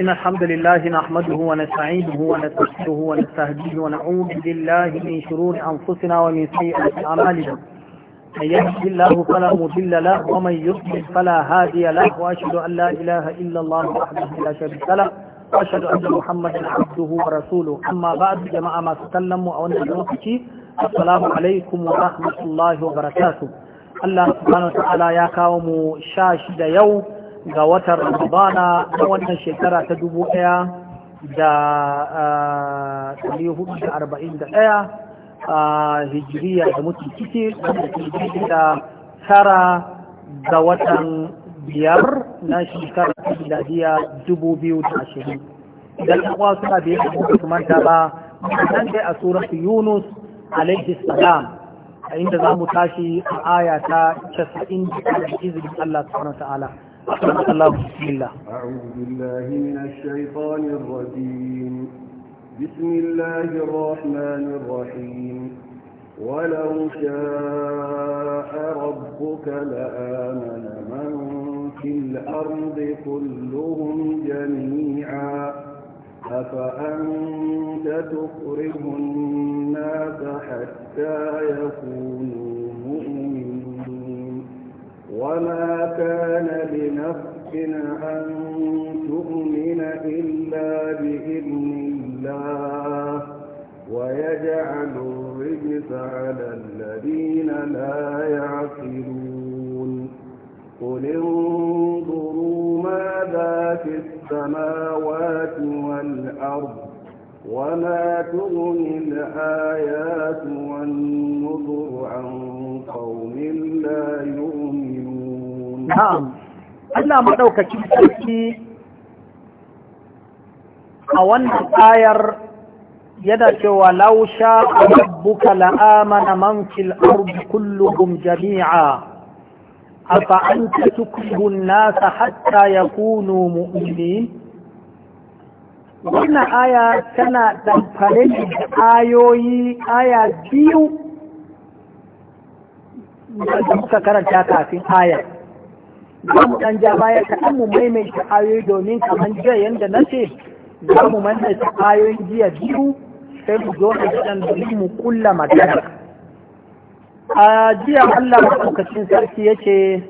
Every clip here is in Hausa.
إن الحمد لله نحمده ونستعينه ونستغفره ونستهديه ونعوذ بالله من شرور أنفسنا ومن سيئات أعمالنا من يهده الله فلا مضل له ومن يضلل فلا هادي له وأشهد أن لا إله إلا الله وحده لا شريك له وأشهد أن محمدا عبده ورسوله أما بعد جماعة ما تكلموا أو نحن السلام عليكم ورحمة الله وبركاته Allah subhanahu wa ta'ala ya kawo mu sha shida yau ga watan ramadana na wannan shekara ta dubu ɗaya da ah, ɗari da arba'in da ɗaya a ah, hijiriya da mutu ciki da tara ga watan biyar na shekara ta miladiya dubu biyu da ashirin idan ɗan'uwa suna biye da kuma kamar ba nan dai a suratu yunus alaihi salam a inda za mu tashi a aya ta casa'in da izinin allah subhanahu wa ta'ala الله بسم الله أعوذ بالله من الشيطان الرجيم بسم الله الرحمن الرحيم ولو شاء ربك لآمن من في الأرض كلهم جميعا أفأنت تخرج الناس حتى يكونوا وما كان لنفس أن تؤمن إلا بإذن الله ويجعل الرجس على الذين لا يعقلون قل انظروا ماذا في السماوات والأرض وما تغني الآيات والنظر عن قوم لا يؤمنون na'am Allah madaukakin sarki a wannan ayar yana cewa lausha rabbuka la'amana man fil ardi kulluhum jami'a afa anta tukrihu an-nasa hatta yakunu mu'minin wannan aya tana damfare da ayoyi aya biyu da muka karanta kafin ayar za mu ɗan baya kaɗan mu maimaita ayoyi domin kamar jiya yadda na ce za mu maimaita ayoyin jiya biyu sai mu zo a gidan domin mu kulla magana a jiya Allah maɗaukacin sarki ya ce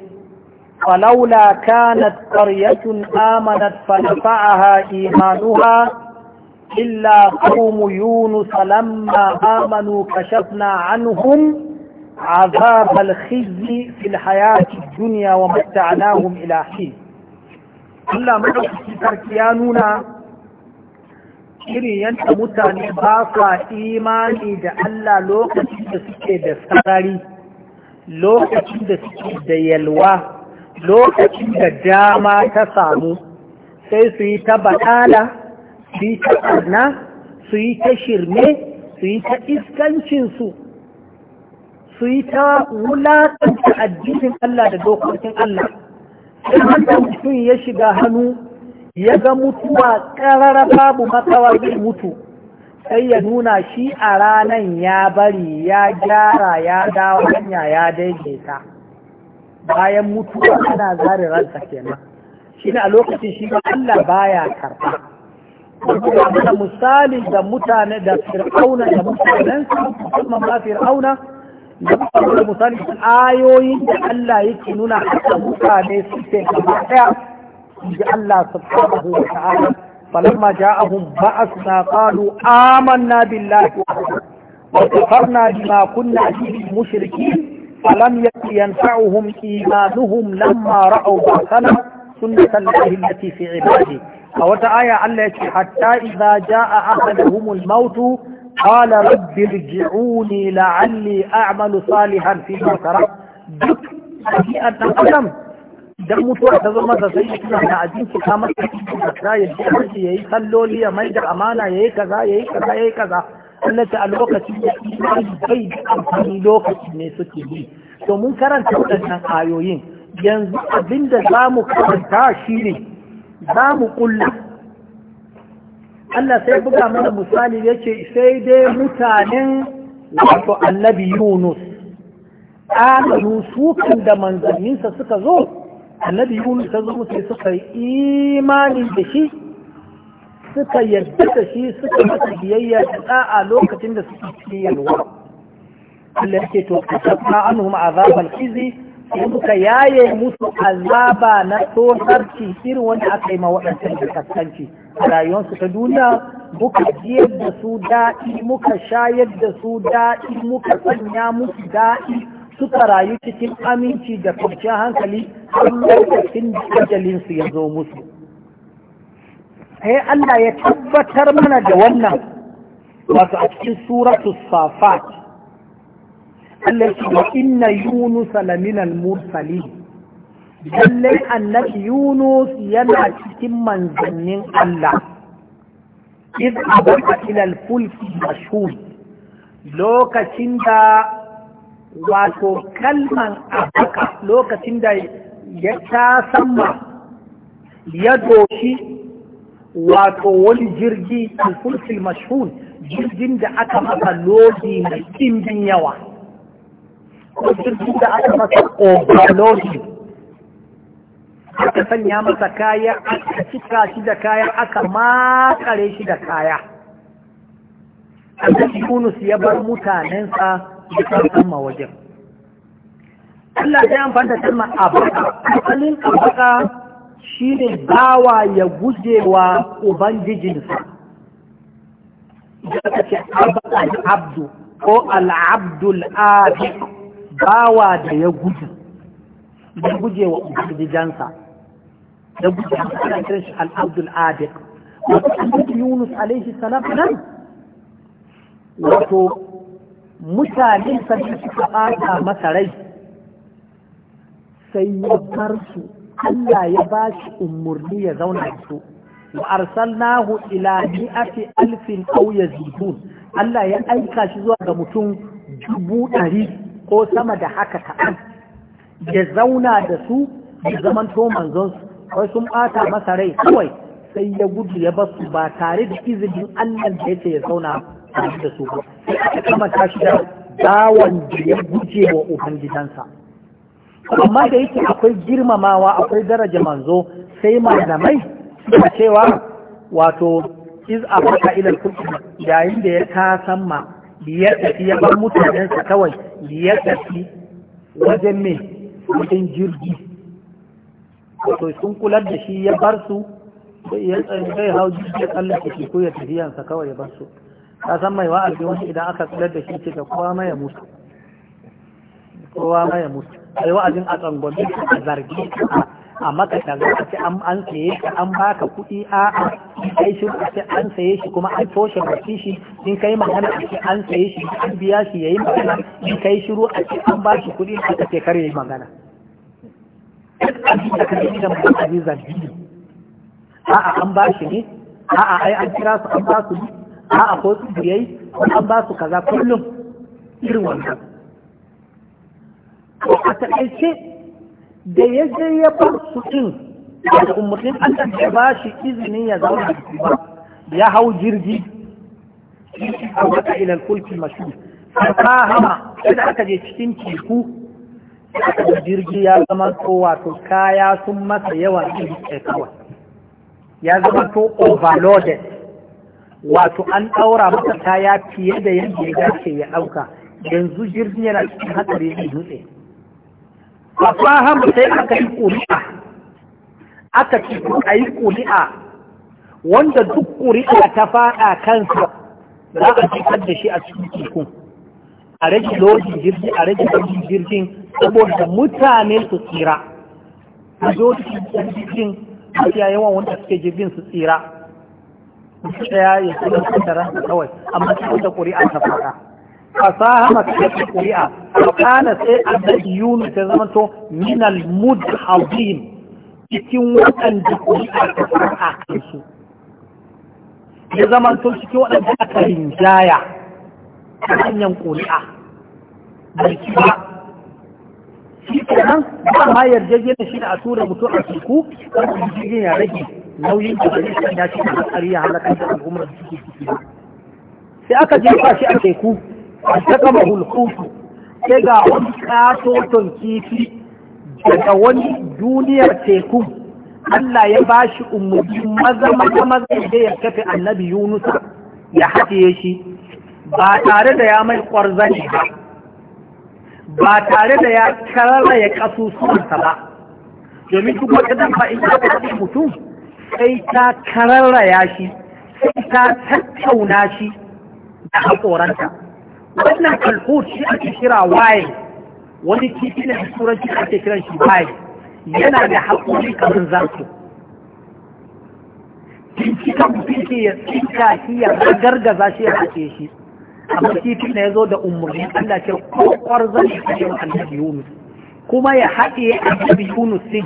فلولا كانت قرية آمنت فنفعها kuma إلا قوم amanu ka shafna an hun. عذاب الخزي في الحياة الدنيا ومتعناهم إلى حين Allah maɗaukaki sarki ya nuna irin yadda mutane ba sa imani da Allah lokacin da suke da lokacin da suke da yalwa, lokacin da dama ta samu, sai su yi ta baɗala, su yi ta ƙarna, su yi ta shirme, su yi ta iskancinsu, su yi ta wulaƙanta addinin Allah da dokokin Allah sai mutum ya shiga hannu ya ga mutuwa ƙarara babu makawa zai mutu sai ya nuna shi a ranan ya bari ya gyara ya dawo hanya ya daidaita bayan mutuwa ana zare ransa kenan shi ne a lokacin shi Allah baya karɓa da misali da mutane da fir'auna da mutanensa musamman ba fir'auna da aka zuwa ayoyin da Allah yake nuna haka mutane suke gaba ɗaya da Allah subhanahu wa ta'ala falamma ja'ahum ba'asna qalu amanna billahi wa kafarna bima kunna fihi mushrikeen falam yakun yanfa'uhum imanuhum lamma ra'aw ba'athana sunnata allahi allati fi ibadihi a wata aya Allah ya yake hatta idza ja'a ahaduhum al-mautu قال رب ارجعوني لعلي أعمل صالحا فيما ترك duk ɗabi'ar ɗan adam ta zama da sai suna da abinci ta masa da ya ji abinci ya yi salloli ya mai da amana ya yi kaza ya yi kaza ya yi kaza Allah ta a lokacin da imani bai da amfani lokaci ne suke bi to mun karanta waɗannan ayoyin yanzu abin da za mu karanta shi ne za mu ƙulla Allah sai buga mana misali ya ce sai dai mutanen wato annabi Yunus amanu sukan da manzanninsa suka zo annabi Yunus ta zo sai suka yi imani da shi suka yarda da shi suka masa biyayya da da'a lokacin da suke cikin yalwa Allah yake to ka tafa anhum khizi sai muka yaye musu azaba na tsoharci irin wanda aka yi ma da kaskanci a rayuwarsu ta duniya muka jiyar da su daɗi muka shayar da su daɗi muka sanya musu daɗi suka rayu cikin aminci da kwanciyar hankali har lokacin ajalinsu ya zo musu sai Allah ya tabbatar mana da wannan wato a cikin suratu safat Allah ya ce wa inna yunus laminal mursalin lallai annabi yunus yana cikin manzannin Allah iz abaka ila al-fulki mashhur lokacin da wato kalman abaka lokacin da ya tasamma ya doshi wato wani jirgi al-fulki mashhur jirgin da aka masa lodi mai kimbin yawa jirgin da aka masa overloading aka sanya masa kaya aka cika shi da kaya aka makare shi da kaya annabi Yunus ya bar mutanensa da kan wajen Allah ya amfani da kalmar abaka asalin abaka shine bawa ya gujewa ubangijinsa da aka ce abdu ko al-abdul bawa da ya gudu ya guje wa ubangijansa ya guje wa ana shi wato annabi yunus alaihi salam nan wato mutanen sa da suka bata masa rai sai ya bar su Allah ya ba shi umarni ya zauna da su wa arsalnahu ila mi'ati alfin aw yazidun Allah ya aika shi zuwa ga mutum dubu ɗari ko sama da haka kaɗan ya zauna da su zaman zamanto manzonsu wai sun ɓata masa rai kawai sai ya gudu ya basu ba tare da izinin Allah da yake ya zauna tare da su ba sai aka ta shi da da ya guje wa ubangidansa amma da yake akwai girmamawa akwai daraja manzo sai malamai suka cewa wato iz abaka ila kulli yayin da ya tasamma ya tafi ya bar mutanensa kawai ya tafi wajen mai wajen jirgi to sun kular da shi ya bar su zai hau jirgin Allah ke shi ko ya tafiyansa kawai ya bar su ka san mai wa'azi wani idan aka kular da shi ce ga kowa ma ya mutu kowa ma ya mutu ai wa'azin a tsangon a zargi a maka shaga a ce an saye shi an baka kuɗi a a kai shi a ce an saye shi kuma an toshe baki shi in kai magana a ce an saye shi an biya shi yayi magana in kai shiru a ce an ba shi kuɗi a ka ce kar yayi magana duk abin da kake da mutum a a a an ba shi ne a a ai an kira su an ba su a a ko su biyai ko an ba su kaza kullum irin wannan a taƙaice da ya je ya bar su ɗin, da umarnin Allah da ba shi izinin ya zauna da su ya hau jirgi a wata ilal kulki mashu ba hama da aka je cikin teku da jirgi ya zama ko wato kaya sun masa yawa ne kawai ya zama to overloaded wato an ɗaura masa kaya fiye da yadda ya dace ya ɗauka yanzu jirgin yana cikin hatsari zai nutse fasahamu sai aka yi ƙuri'a aka ci a yi ƙuri'a wanda duk ƙuri'a ta faɗa kansa za a cikar da shi a cikin ciku a rage lojin jirgin a rage lojin jirgin saboda mutane su tsira a zo cikin jirgin mafiya yawan wanda suke jirgin su tsira mutu ɗaya ya tsira da ransa kawai amma cikin da ƙuri'a ta faɗa fasaha masu kuri'a kana sai annabi yunus ya zama to min al mudhazim cikin waɗanda kuri'a ta fara kansu ya zama to cikin waɗanda aka rinjaya ta hanyar kuri'a bai ci ba shi kenan ba ma yarjejjena shi da a tura mutum a teku wanda jirgin ya rage nauyin da zai sanya shi da hatsari ya halakar da al'ummar da suke ciki sai aka jefa shi a teku a saka mahulkutu sai ga wani katoton kifi daga wani duniyar teku Allah ya ba shi umarni maza maza da ya tafi annabi Yunusa ya haɗiye shi ba tare da ya mai ƙwarzani ba ba tare da ya karara ya ƙasusuwansa ba domin duk wata dabba in ta kaɗi mutum sai ta karara ya shi sai ta tattauna shi da haƙoranta wannan kalhut shi ake kira waye wani kifi na turanci ake kiran shi waye yana da haƙuri kamar zarto bincika mutunci ya tsinka shi ya gargaza shi ya haƙe shi amma kifi na ya zo da umarni Allah ce kwakwar zai kashe wa annabi Yunus kuma ya haɗe annabi Yunus din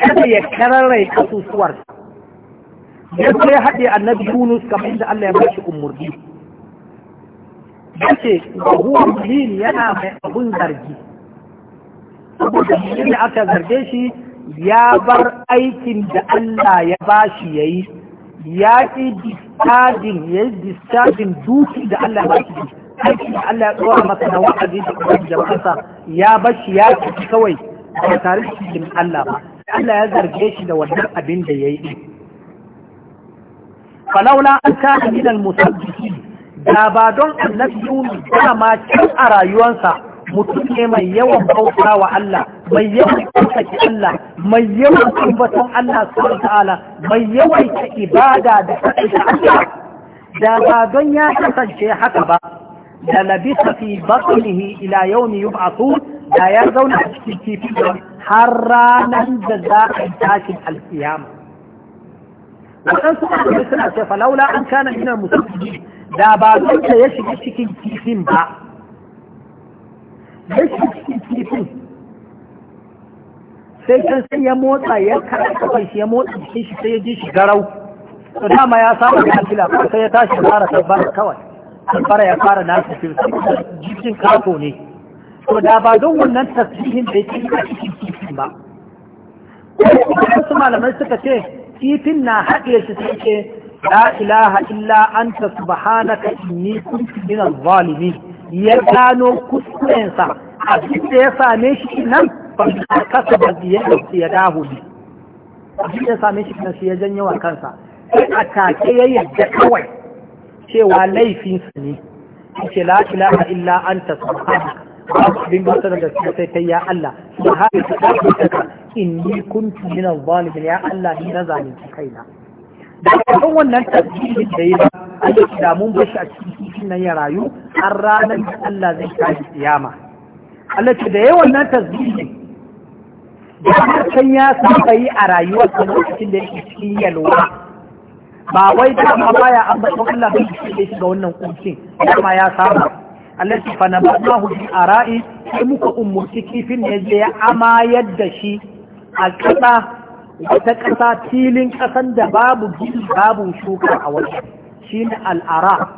kada ya kararai kasusuwarsa ya zo ya haɗe annabi Yunus kamar inda Allah ya bashi umarni yace wa huwa yana mai abun zargi saboda shi da aka zarge shi ya bar aikin da Allah ya bashi yayi ya ƙi discharging ya discharging duki da Allah ba shi aikin da Allah ya tsora masa na wa'azi da kuma jama'arsa ya bashi ya ƙi kawai ba tare cikin Allah ba Allah ya zarge shi da wannan abin da ya yayi falaula an kana gidan musabbihin da ba don annabi yunus dama can a rayuwarsa mutum ne mai yawan bauta wa Allah mai yawan ɗaukaki Allah mai yawan tabbaton Allah subhanahu ta'ala mai yawan ta ibada da kaɗaita Allah da ba don ya kasance haka ba da labisa fi batnihi ila yawmi yub'athu da ya zauna a cikin kifi har ranar da za a tashin alkiyama waɗansu suna ce falaula an kana ina musulmi da ba da ya shiga cikin kifin ba ya shiga cikin kifin sai kan sai ya motsa ya kada shi ya motsa jikin shi sai ya ji shi garau to dama ya samu ya fila ko sai ya tashi fara tabbara kawai tabbara ya fara nasu fil sai jikin kato ne to da ba don wannan tasbihin da yake a cikin kifin ba wasu malamai suka ce kifin na haɗe shi sai ce la ilaha illa anta inni kuntu min al ya gano kuskurensa a ya same shi nan ba a kasa ba ya dauki ya dahu ya same shi nan ya janyo kansa sai a take ya yadda kawai cewa laifinsa ne ce la ilaha illa anta babu abin da sai ya Allah subhanaka inni kuntu min al-zalimin ya Allah ni na zalunci kaina da kan wannan tasirin da yi ba a yi damun bashi a cikin kifin nan ya rayu har ranar da Allah zai tashi kiyama Allah ce da yi wannan tasbihin da hakan ya saba yi a rayuwarsa lokacin da yake cikin yalwa ba wai da ma baya an baɗin Allah bai shi shi ga wannan kuncin kuma ya saba Allah ce fa nabadahu bi ara'i sai muka umurci kifin ne je ya amayar da shi a kasa wata ƙasa filin ƙasan da babu gini babu shuka a wajen shi ne al'ara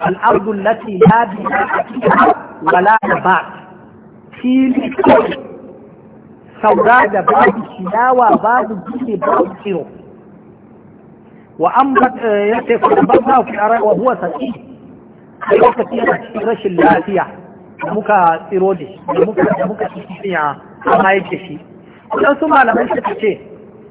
al'ardun lati ya biya a cikin wala da ba fili kawai saura da babu ciyawa babu gini babu tsiro wa an ba ya ce kuma ba za ku ara wa huwa sati a lokaci yana cikin rashin lafiya da muka tsiro da shi da muka da muka tsiro amma yake shi wadansu malamai suka ce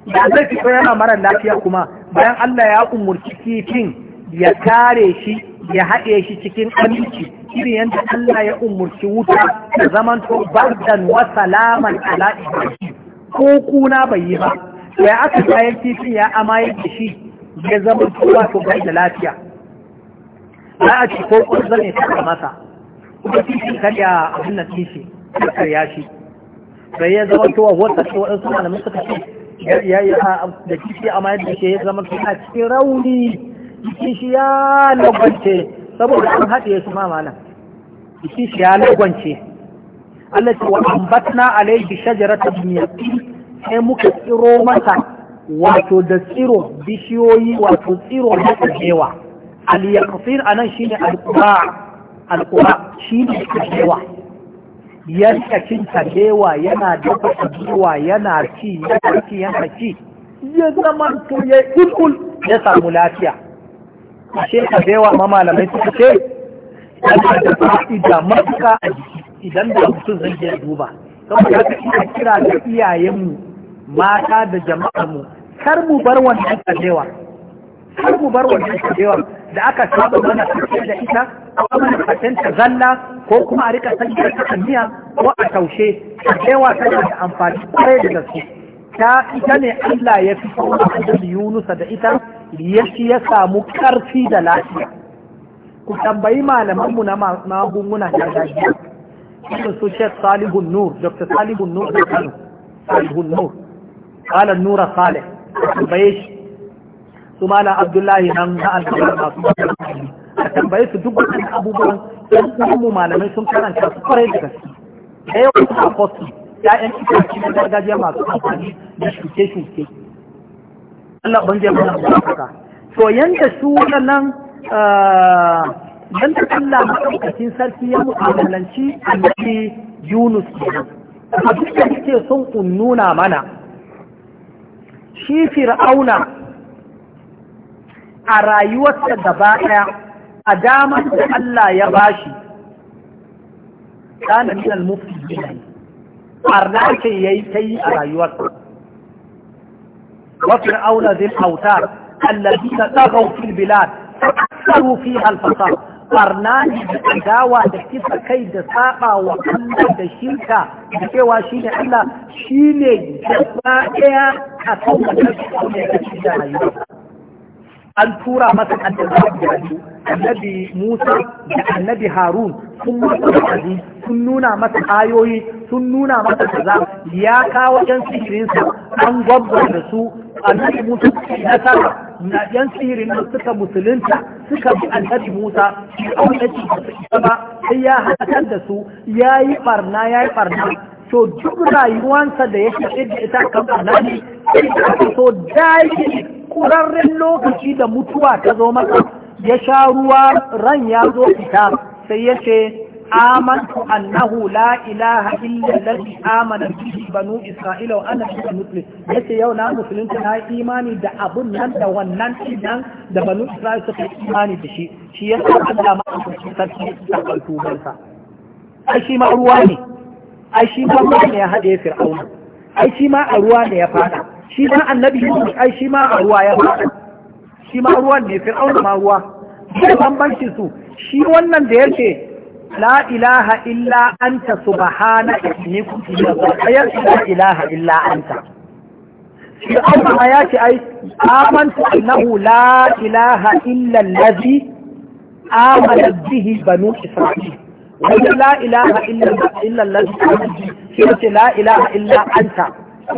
da zai fi yana mara lafiya kuma bayan Allah ya umurci kifin ya kare shi ya haɗe shi cikin aminci irin yadda Allah ya umurci wuta da to bardan wa salaman ala ko kuna bai yi ba ya aka kayan kifin ya amaye da shi ya zama to bai da lafiya za a ci ko kun zane ta masa kuma kifin karya abin nan kishi karya shi bai ya zama to wata ce ɗansu malamin suka ce ya yi da kishi a mayar da shi ya zama suna cikin rauni kishi ya lagwance saboda an haɗe su ma mana kishi ya lagwance Allah ce wa ambatna alaihi shajaratan min sai muka tsiro masa wato da tsiro bishiyoyi wato tsiro na kajewa al yaqsir anan shine al qura al qura shine kajewa yanka cin tabewa yana dafa tabewa yana ci yana ci yana ci ya zama to ya kulkul ya samu lafiya ashe tabewa ma malamai suka ce yana da da matuka a jiki idan da mutum zai je duba saboda haka iya kira da iyayenmu mata da mu kar mu bar wannan tabewa kar mu bar wannan tabewa da aka saba mana fashe da ita ko mana fashen ta zalla ko kuma a rika san ta kamiya ko a taushe cewa tana da amfani kwarai da gaske ta ita ne Allah ya fi kuma da Yunusa da ita yashi ya samu ƙarfi da lafiya ku tambayi malamanmu na magungunan gargajiya irin su Sheikh Salihun Nur Dr. Salihun Nur da Kano Salihun Nur Qala Nura Salih tambaye shi su mala abdullahi nan na alkabar masu a tambaye su duk wannan abubuwan sun samu malamai sun karanta su kwarai da gaske da yawa su a kosti ya'yan itace na gargajiya masu amfani da shuke-shuke Allah ban je mana baraka to yanda su nan eh, yanda Allah madaukakin sarki ya mu'amalanci annabi Yunus kenan a duk da yake son nuna mana shi fir'auna a rayuwarsa gaba ɗaya a damar da Allah ya bashi kana min al-mufti ya yi yayi yi a rayuwarsa auna fir'auna zil autar alladhina taghaw fil bilad aktaru fiha al-fasad arna da dawa da kisa kai da saba wa Allah da shirka da cewa shine Allah shine gaba ɗaya a kan wannan da yake da an tura masa annabi annabi Musa da annabi Harun sun masa wa'azi sun nuna masa ayoyi sun nuna masa kaza ya kawo yan sihirinsa an gwabba da su annabi Musa na yan sihirin nan suka musulunta suka bi annabi Musa shi aure ba sai ya haɗar da su ya yi ɓarna ya yi to duk rayuwansa da ya shafi da ita kan annabi to dai kurarren lokaci da mutuwa ta zo masa ya sha ruwa ran ya zo fita sai ya ce amantu annahu la ilaha illa allazi amana bihi banu isra'ila wa ana muslim yace yau na musulunci na imani da abun nan da wannan idan da banu isra'ila suka imani da shi shi yasa Allah ma a cikin sarki ta kaltu bansa ai shi ma ruwa ne ai shi ma ruwa ne ya haɗe fir'auna ai shi ma a ruwa ne ya fada shi ma annabi yusuf ai shi ma a ruwa ya fada shi ma ne fir'auna ma ruwa da bambanci su shi wannan da yake la ilaha illa anta subhanaka inni kuntu minadh la ilaha illa anta fir'auna ma ya ce ai amantu annahu la ilaha illa allazi amana bihi banu wajen la ilaha illallah shi ce la ilaha illa anta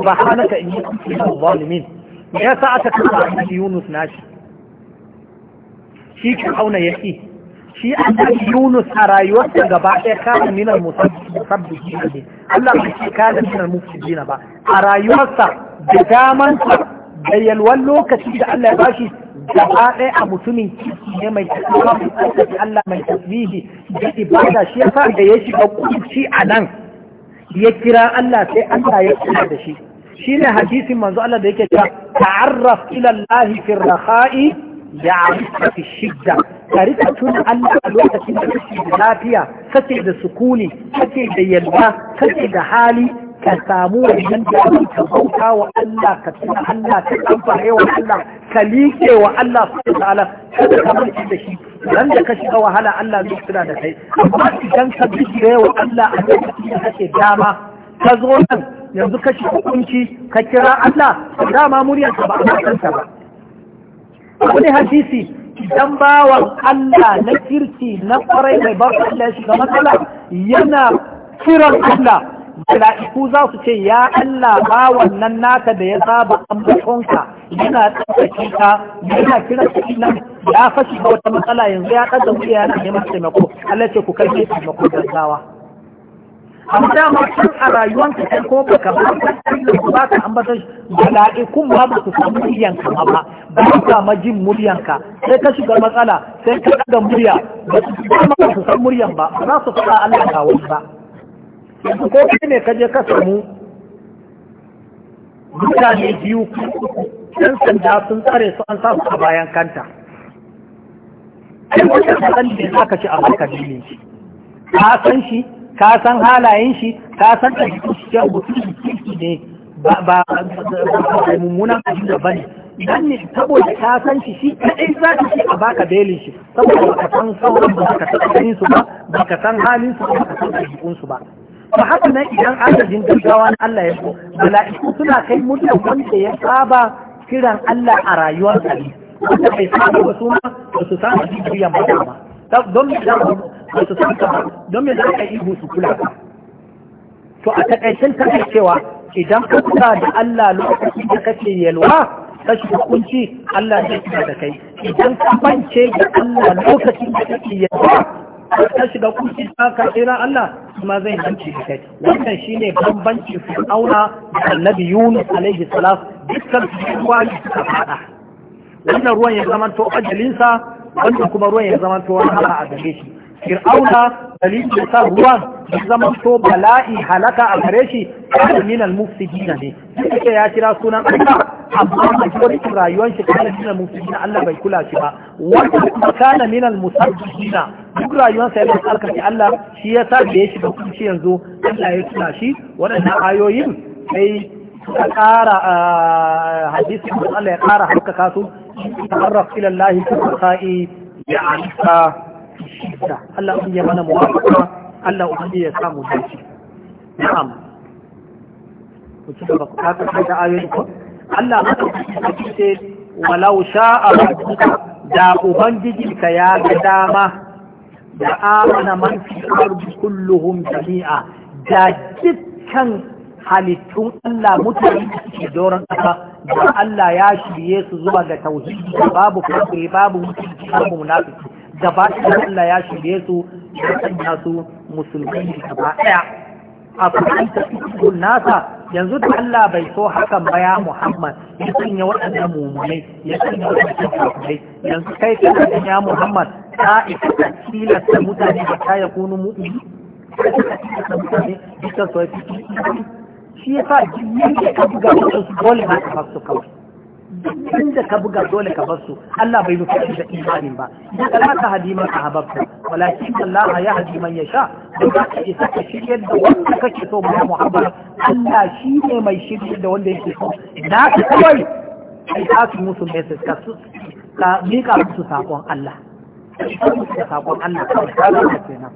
ba subhanaka inni yi minaz zalimin me sa aka kafa a Yunus nashi shi ke auna ya yaki shi annabi Yunus a rayuwarsa gaba ɗaya kana minal musabbihin ne Allah ba shi kana minal mufsidin ba a rayuwarsa da daman da yalwan lokaci da Allah ya bashi gaba ɗaya a mutumin kirki ne mai tafiya Allah mai tasbihi da ibada shi yasa da ya shiga kuci a nan ya kira Allah sai Allah ya kira da shi shine hadisin manzo Allah da yake cewa ta'arraf ila Allah fi rakhai ya'rifka fi shidda ka tuna Allah a lokacin da kake da lafiya kake da sukuni kake da yalwa kake da hali ka samu wannan damar ka bauta wa Allah ka tuna Allah ka kamfare wa Allah ka liƙe wa Allah su ta'ala kada ka barci da shi nan da ka shiga wahala Allah zai tuna da kai amma idan ka bijire wa Allah a lokacin da kake dama ka zo nan yanzu ka shiga kunci ka kira Allah dama muryarka ba a matsanta ba wani hadisi idan bawan Allah na kirki na kwarai mai barka Allah shiga matsala yana kiran Allah mala'iku za su ce ya Allah ba wannan naka da ya saba ambatonka yana tsarkake ka yana kira shi nan ya fashi ga wata matsala yanzu ya ɗaga wuya yana neman taimako Allah ce ku kai shi taimako gaggawa amma dama can a rayuwanka kai ko baka ba ba ka ambaton mala'ikun ba ba su samu ka ba ba ba jin majin ka sai ka shiga matsala sai ka ɗaga murya ba su san muryan ba ba za su faɗa Allah ga wani ba yanzu ko kai ne kaje ka samu mutane biyu yan sanda sun tsare su an samu a bayan kanta ai wata ne za ka ci a baka dinin shi ka san shi ka san halayen shi ka san da shi ke mutum ne ba ba mummunan abin da bane idan ne saboda ka san shi shi kadai za ka ci a baka belin shi saboda ka san sauran ba ka san su ba ba ka san halin su ba ka san ɗabi'un su ba ba haka nan idan adadin gaggawa na Allah ya so mala'iku suna kai mutum wanda ya saba kiran Allah a rayuwar ne wanda bai saba ba suna ba su samu jijiyan ba ba don me za ba su san ba don me za ka ihu su kula ka, to a takaicin takaicewa idan ka kula da Allah lokacin da kake yalwa kashi hukunci Allah zai kira da kai idan ka bance da Allah lokacin da kake yalwa ta shiga kuci ta kira Allah kuma zai hanci da kai wannan shine bambanci fir'auna da annabi Yunus alaihi salam dukkan ruwa ne suka fada wannan ruwan ya zama to ajalinsa wannan kuma ruwan ya zama to wani a gare shi fir'auna dalilin da sa ruwan ya zama to bala'i halaka a gare shi kada min al-mufsidina ne duk ya kira sunan Allah amma a cikin rayuwar shi kana min al-mufsidina Allah bai kula shi ba wanda kuma kana min al-musabbihina duk rayuwar sa yana alkaci Allah shi ya sa da ya shiga kunci yanzu Allah ya kula shi waɗannan ayoyin sai suka ƙara hadisi Allah ya ƙara haskaka su ta'arraf ila Allah fi ya ya'nika shidda Allah ubangiji ya mana muwafaqa Allah ubangiji ya samu dace na'am ku ci gaba ka ka ta ayoyin ko Allah ma ta ce walau sha'a rabbuka da ubangiji ka ya ga dama da amana man fi ardi kulluhum jami'a da dukkan halittun Allah mutane suke doron ƙasa da Allah ya shirye su zuwa ga tauhidi babu kafiri babu mutunci babu munafiki gaba ɗaya Allah ya shirye su ya sanya su musulmai gaba ɗaya a ta cikin nasa yanzu da Allah bai so hakan ba ya Muhammad ya sanya waɗannan mummunai ya sanya waɗannan mummunai yanzu kai kana da ya Muhammad ta isa ta tilasta mutane da ta ya kunu mu'mini ta da mutane bisa so ya fi shi yasa jini ka buga wasu dole na kamar su kawai Dukkan da ka buga dole ka bar su Allah bai nufi da imanin ba ya Allah ka hadi man ahabbta walakin Allah ya hadi man yasha dan ka ce saka shiryar da wanda kake so mu muhabbara Allah shi ne mai shirye da wanda yake so da ka kawai ai ka su musu message ka su ka mika musu sakon Allah sakon Allah ka ka ga kenan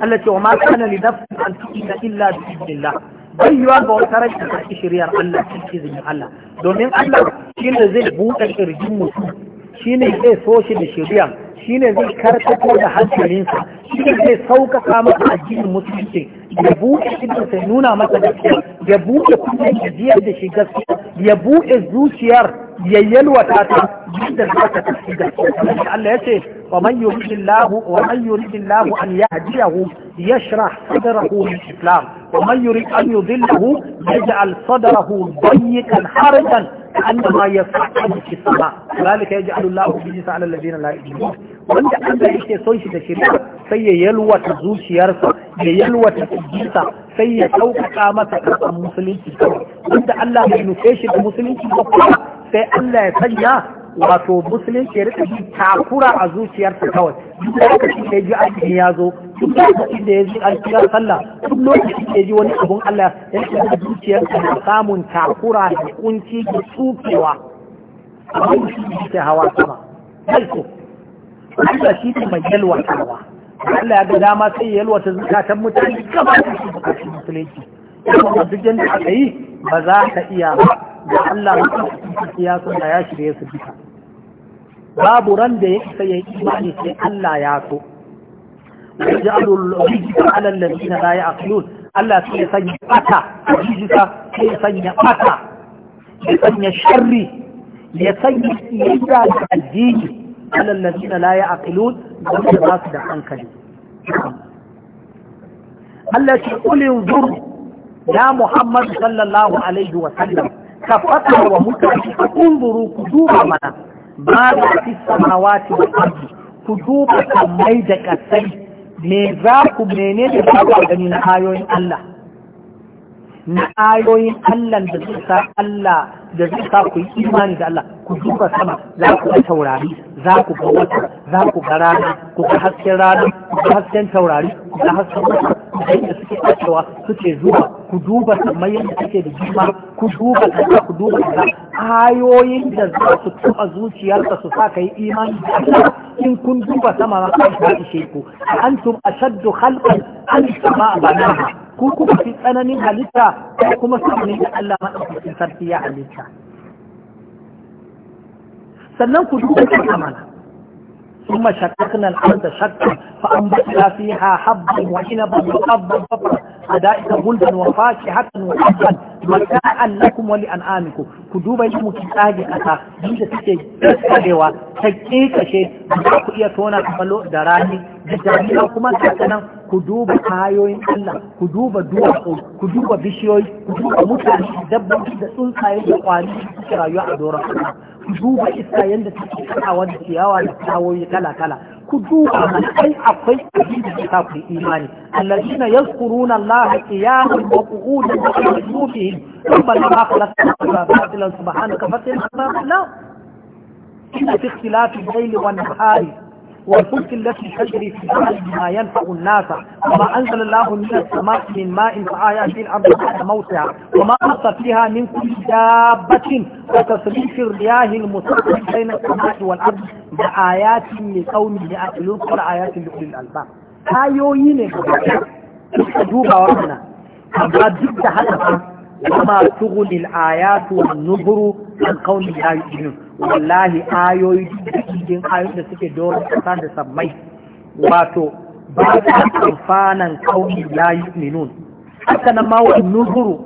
Allah ce wa ma kana li nafsin an tu'mina illa bi idnillah bai ga wata rashin karɓi shiriyar Allah cikin izinin Allah domin Allah shi ne zai buɗe ƙirjin mutum shi ne zai so shi da shiriyar shi ne zai karkato da hankalinsa shi ne zai kama a addinin musulunci ya buɗe cikin sai nuna masa gaskiya ya buɗe kuɗin ajiyar da shi gaskiya ya buɗe zuciyar yayyalwata ta yadda za ta tafi da Allah ya ce wa man yuridillahu wa man yuridillahu an yahdiyahu yashrah sadrahu lil islam wa man yurid an yudillahu yaj'al sadrahu dayyikan harajan كأنما يصعد في السماء ذلك يجعل الله بجنس على الذين لا يؤمنون wanda Allah yake son shi da shirya sai ya zuciyarsa ya yalwata jinsa sai ya ɗaukaka masa karɓar musulunci kawai, wanda Allah ya nufe shi da musulunci ba sai Allah ya sanya wato musulunci ya rika takura a zuciyarsa kawai duk lokacin da ya ji addini ya zo duk lokacin da ya ji an kira sallah duk lokacin da ya ji wani abun Allah ya rika zuciyarsa na samun takura da kunci da tsukewa amma shi ke hawa sama. Allah shi ne mai yalwa Allah ya ga dama sai ya yalwata zukatan mutane gaba da su suka ci musulunci. Kuma duk yadda aka yi ba za ka iya ba da Allah ya kasance ya so da ya shirye su duka. Babu ran da ya isa ya yi imani sai Allah ya so. Wajarul rijika alal ladina la ya'qilun Allah sai ya sanya fata rijika sai ya sanya fata ya sanya sharri ya sanya iyaka addini alal ladina la ya'qilun wanda ba su da hankali Allah ce kulin zur ya Muhammadu sallallahu alaihi wa sallam ka fata wa mutane a kunzuru ku duba mana ba da fi samawati wa ƙarfi, ku duba sammai da kasai me za ku menene ba ku gani na ayoyin Allah na ayoyin Allah da zai sa Allah da zai sa ku yi imani da Allah ku duba sama za ku ga taurari za ku ga wata za ku ga rana ku ga hasken rana ku ga hasken taurari ku ga hasken wata ku ga yadda suke ɓacewa suke zuwa ku duba sama yadda suke da girma ku duba kaza ku duba kaza ayoyin da za su tuba zuciyarka su sa ka yi imani da Allah in kun duba sama ma kai ku ishe ku antum ashaddu khalqan an sama'a banaha ko kuma fi tsananin halitta ko kuma samun da Allah maɗaukakin sarki ya halitta sannan ku duba amana ثم شققنا الأرض شقا فأنبتنا فيها حبا وعنبا وقبا وفرا حدائق غلبا وفاكهة وحبا متاعا لكم ولأنعامكم كدوبا يمو كتاجي أتا جيدا تكي تكاليوا تكي كشي بلاكو إيا تونا كمالو دراني جدانيا كما تكنا كدوبا كايوين الله كدوبا دوحو كدوبا بشيوي كدوبا متعني دبا جدا سنسا يجي قواني كرايو أدورا duba iska yadda take kaɗawa da ciyawa da tawoyi kala kala ku duba mana ai akwai abin da ya sa ku imani allazina yazkuruna allaha qiyaman ba qu'udan wa ala junubihim rabbana ma khalaqta hadha batilan subhanaka fatina adhaban nar inna fi ikhtilafi al-layli wan nahari والفلك التي تجري في البحر بما ينفع الناس وما أنزل الله من السماء من ماء فآيا في الأرض بعد موتها وما أحط فيها من كل دابة وتصريف الرياح المسخر بين السماء والأرض لآيات لقوم يأكلون كل آيات لأولي الألباب ayoyi ne suka duba wannan amma duk da haka fa kama tugulil ayatu wan nuburu an qawli la yu'minun wallahi ayoyi cikin ayoyi da suke doron kasa da sammai wato ba ta amfanan kauni la minun haka nan ma wa nuhuru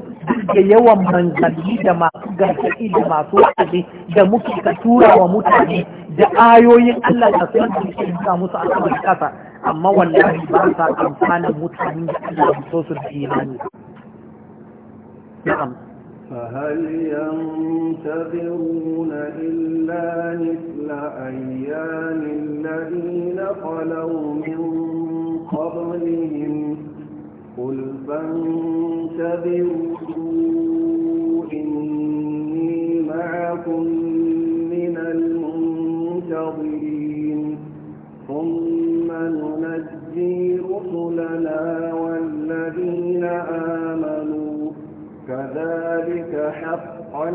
da yawan manzanni da masu gargaɗi da masu wa'azi da muke ka tura wa mutane da ayoyin Allah da sun da suke nuna musu alamar kasa amma wallahi ba sa amfanan mutane da Allah so su da imani na'am فهل ينتظرون إلا مثل أيام الذين خلوا من قبلهم قل فانتظروا إني معكم من المنتظرين ثم ننجي رسلنا والذين آمنوا كذلك حقا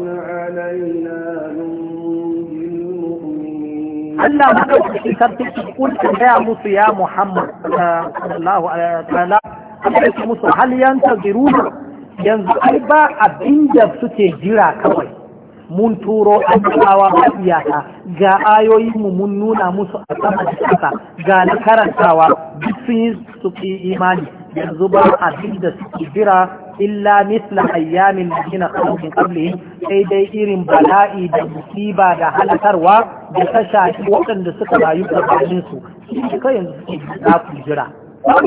علينا ننجي المؤمنين الله مدعو في سرطة قلت يا موسى يا محمد صلى الله عليه وسلم musu hal yanta ziruna yanzu ai ba abin da suke jira kawai mun turo annabawa a iyaka ga ayoyinmu mu mun nuna musu a sama da kasa ga na karantawa duk sun yi su imani yanzu ba abin da suke jira illa misla ayyamin ladina gina min ƙarfi, sai dai irin bala'i da musiba da halakarwa da ta shafi waɗanda suka rayu gabanin su shi yanzu suke da jira. jira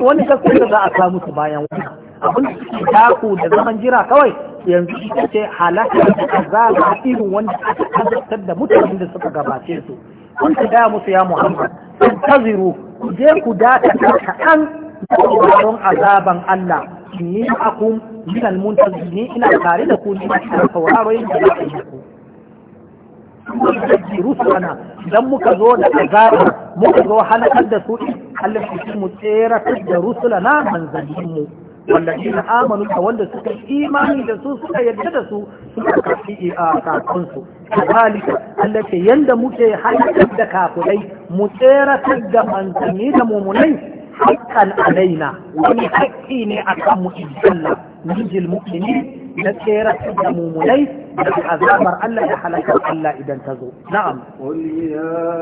wani gaskiya da za a sa musu bayan wani abin da suke daku da zaman jira kawai yanzu ita ce halakar da azaba irin wanda aka azabtar da mutanen da suka gabace su kun ka gaya musu ya muhammad taziru ku je ku data kaɗan da azaban Allah inni akum min ni ina tare da ku ni ina sauraro yin da zai yi ku rusulana muka zo da azaba muka zo halakar da su Allah mu tsera da rusulana manzannin mu والذين آمنوا تولوا سكا إيمان دسو a يددسو سكا في كاكونسو ke التي muke كي da تبدا mu tsera da من تنين مؤمنين حقا علينا ونحكيني أكم إجلنا نجي المؤمنين نسيرة المؤمنين بالعذاب ألا يحلك ألا إذا انتزوا نعم قل يا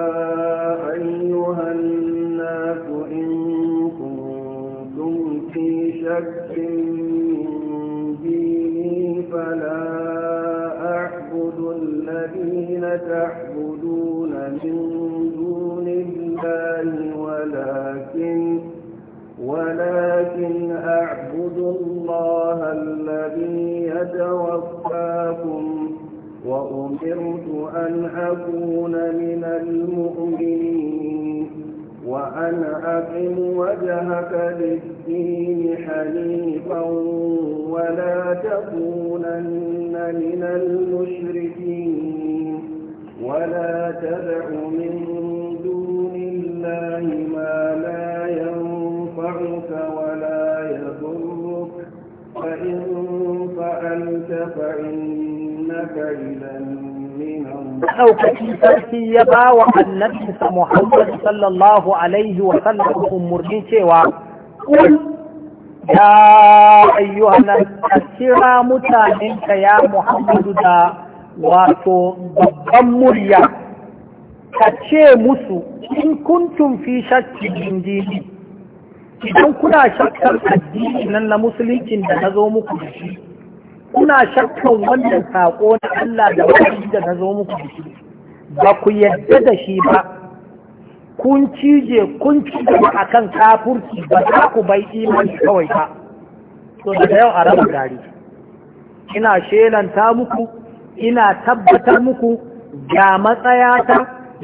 أيها الناس إن كنتم في شك من ديني فلا أعبد الذين تعبدون من يتوفاكم وأمرت أن أكون من المؤمنين وأن أقم وجهك للدين حنيفا ولا تكونن من المشركين ولا تدع من ɗaukaki sarki ya ba wa annabinsa Muhammad sallallahu Alaihi wasallam umarni cewa, Ƙul, ya ayyuhannan, a kira mutanenka ya Muhammadu da wato babban murya, ka ce musu in kuntun fi shakki jin idan kuna shakkar addini nan na musulikin da na zo muku da shi. kuna shakkan wannan saƙo na Allah da wani da na zo muku da shi ba ku yadda da shi ba kun cije kun cije ba a kan kafurci ba za ku bai imani kawai ba to daga yau a raba gari ina shelanta muku ina tabbatar muku ga matsayata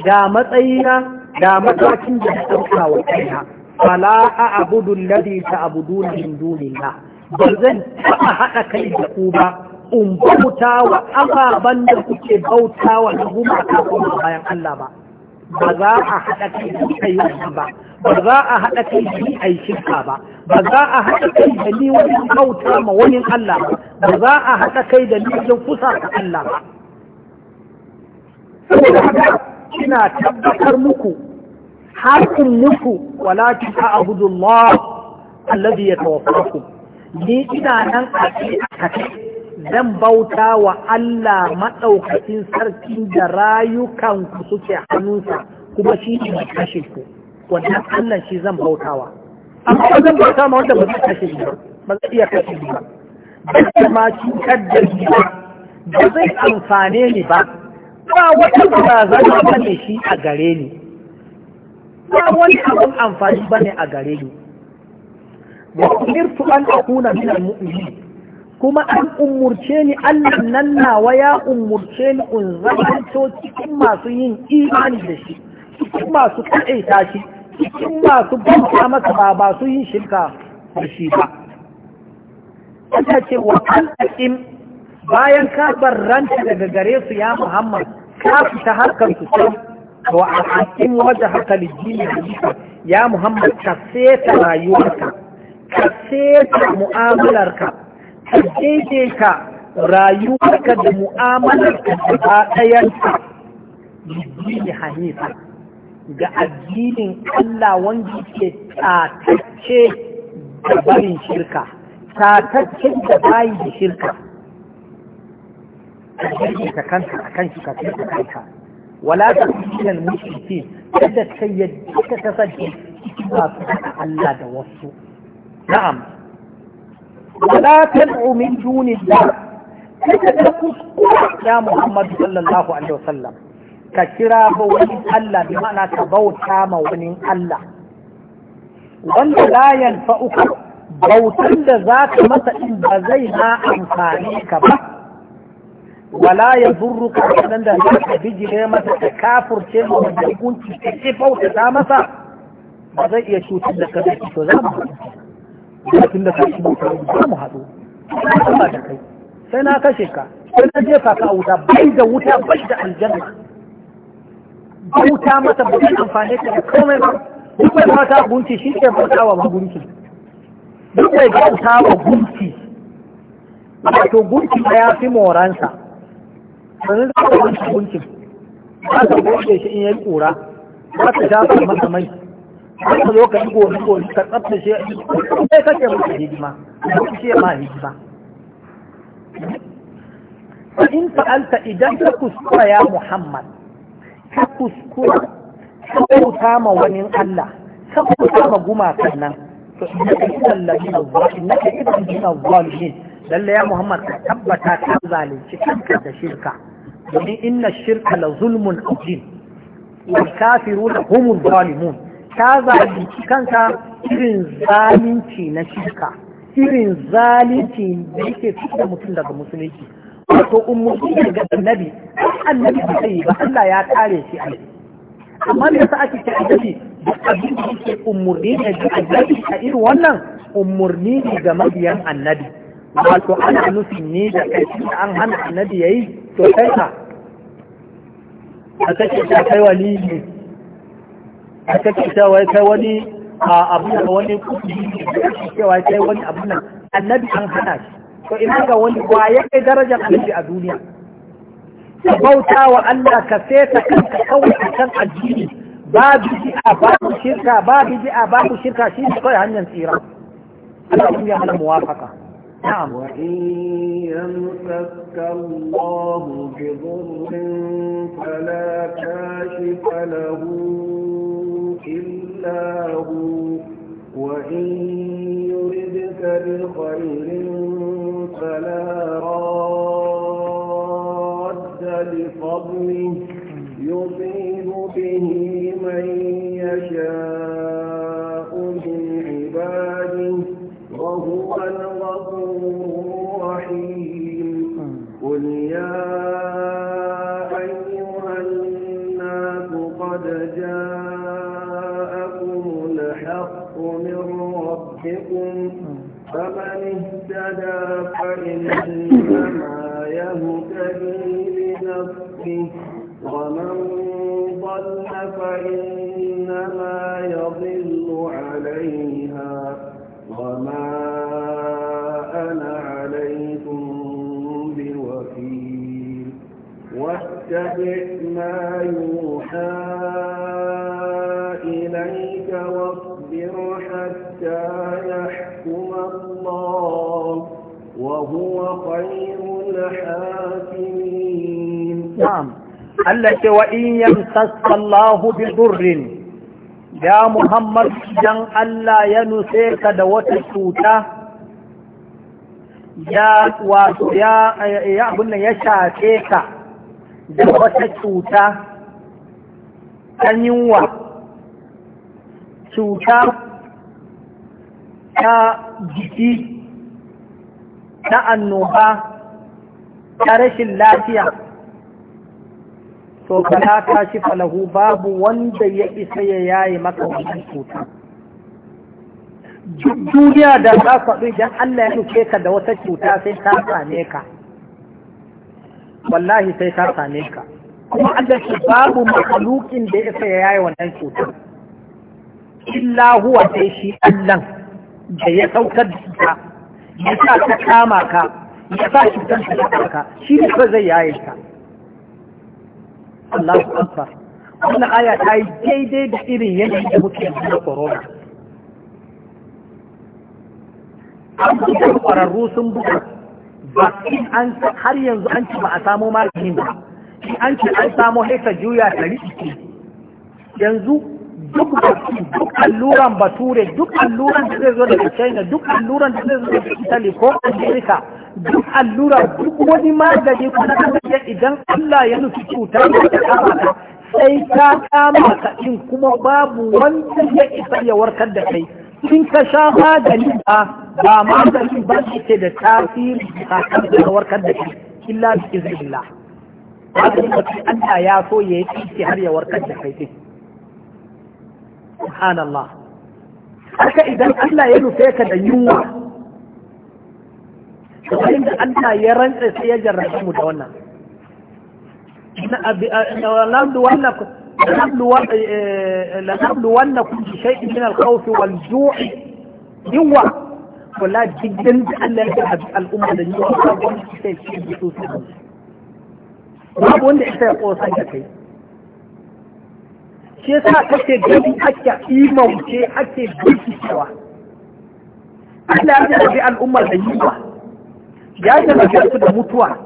ga matsayina da matakin da na ɗauka wa kaina fala a abudun ladi ta abudu min dunillah ba zan taɓa haɗa kai da ku ba in bauta wa ababen da kuke bauta wa na gumaka kuma bayan Allah ba ba za a haɗa kai da kai wannan ba ba za a haɗa kai da ni ai shirka ba ba za a haɗa kai da ni wajen bauta ma wani Allah ba ba za a haɗa kai da ni wajen kusa ka Allah ba saboda haka ina tabbatar muku har in muku walakin a'budu Allah alladhi yatawaffakum ni ina nan a kai zan bauta wa Allah maɗaukacin sarkin da rayukanku suke hannunsa kuma shi ne mai kashe ku wannan Allah shi zan bautawa amma ba zan bauta ma wanda ba zai kashe ni ba ba zai iya kashe ni ba ba zai ma cutar da ni ba ba zai amfane ni ba ba wata barazana ba ne shi a gare ni ba wani abin amfani ba ne a gare ni umirtu an akuna min almu'minin kuma an umurce ni Allah nan nawa ya umurce ni in zamanto cikin masu yin imani da shi cikin masu kaɗaita shi cikin masu bauta masa babasu yin shirka da shi ba ta ce wa an aqim bayan ka barranta daga gare su ya Muhammad ka fita harkar su sai wa an aqim wajhaka lid-din ya Muhammad ka seta rayuwarka ka seta mu'amalarka ka daidai ka rayuwarka da mu'amalarka da ba ɗayanta jini hanifa ga addinin Allah wanda ke tatacce da barin shirka tatacce da bayi da shirka ka kanta a kan shi ka seta kanta. wala ta kusurin mushrikin kada ka yadda ka kasance masu Allah da wasu na'am wala tad'u min dunillah kada ka kuskura ya Muhammadu sallallahu alaihi wasallam ka kira ba wani Allah bi ma'ana ka bauta ma wani Allah wanda la yanfa'uka bautan da za ka masa in ba zai na amfani ka ba wala ya zurru ka nan da za ka bijire masa ka kafurce ma wanda hukunci ke ce bauta masa ba zai iya cutar da ka to za mu lokacin da kashi mu kai za mu haɗu ba da kai sai na kashe ka sai na jefa ka a wuta bai da wuta bai da aljanna wuta masa bai amfani ka da komai ba duk mai bauta gunki shi ke bauta wa gunki duk mai bauta wa gunki wato gunki ma ya fi moransa sannan za ka gunki gunki za ka goge shi in yi kura ba ka shafa masa mai ka lokaci ka yi gobe gobe ka tsaftace sai kake maka hidima ka ce ma hidima fa in fa'alta idan ka kuskura ya Muhammad ka kuskura ka bauta ma wani Allah ka bauta ma gumakan nan to innaka idan lamina innaka idan lamina zalimin lalle ya Muhammad ka tabbata ka zalunci kanka da shirka domin inna shirka la zulmun azim wal kafiruna humul zalimun Ta zalunci kanka irin zalunci na shirka irin zalunci da yake fitar mutum daga musulunci wato in mutum ga annabi annabi ba sai ba Allah ya kare shi yi. amma me yasa ake ce annabi abin da yake umurni ne ga annabi a irin wannan umurni ne ga mabiyan annabi wato ana nufin ne da kai an hana annabi yayi to kai ka a kace ta kai wali ne a kake cewa kai wani abu da wani kuɗi cewa kai wani abin nan annabi an hana shi to ina ga wani wa ya kai darajar annabi a duniya ka bauta wa Allah ka seta kanka kawai a kan addini babu ji'a babu shirka babu ji'a babu shirka shi ne kawai hanyar tsira Allah ya hana muwafaka نعم وإن يمسك الله بضر فلا كاشف له إلا هو وإن يردك بخير فلا راد لفضله يصيب به من يشاء من عباده وهو الغفور الرحيم قل يا أيها الناس قد جاءت ربكم فمن اهتدى فإنما يهتدي لنفسه ومن ضل فإنما يضل عليها وما أنا عليكم بوكيل واتبع ما يوحى وهو خير الحاكمين نعم التي وإن يمسك الله بضر يا محمد جن الله ينسيك دوت الشوتة يا واتو يا يا ابن يا يشاكيك دوت الشوتة أن ينوى يا ta na annoba ta rashin lafiya to ka ta shi falahu babu wanda ya isa ya yaye maka wannan cuta duniya da za ka idan Allah ya nufe ka da wata cuta sai ta same ka wallahi sai ta same ka kuma Allah shi babu makalukin da ya isa ya yaye wannan cuta illa huwa sai shi Allah da ya saukar da ya sa ka kama ka ya sa shi ta ta ka shi ne ba zai yaye ka Allahu akbar wannan aya ta yi daidai da irin yanayin da muke yanzu na corona an buga ƙwararru sun buga ba in an har yanzu an ci ba a samo maganin ba in an ci an samo hesa juya ta rikici yanzu duk vaccine duk alluran bature duk alluran da zai zo daga china duk alluran da zai zo daga italy ko america duk allura duk wani magani ko na kasance idan allah ya nufi cutar da ta kama sai ta kama ka in kuma babu wanda ya isa ya warkar da kai in ka sha magani ba ba magani ba shi ke da tasiri a kan da warkar da kai illa bi iznillah haka ne Allah ya so ya yi har ya warkar da kai subhanallah haka idan Allah ya nufe ka da yunwa da da Allah ya rantsa sai ya jarrabe mu da wannan لنبلونكم بشيء من الخوف والجوع يوا ولا جدا ألا يذهب الأمة لن يوصل شيء بسوسهم babu wanda ita ya kosa da kai shi yasa kake gani ake imauce ake cewa. Allah ya tafi al'ummar da yiwa ya jarrabe su da mutuwa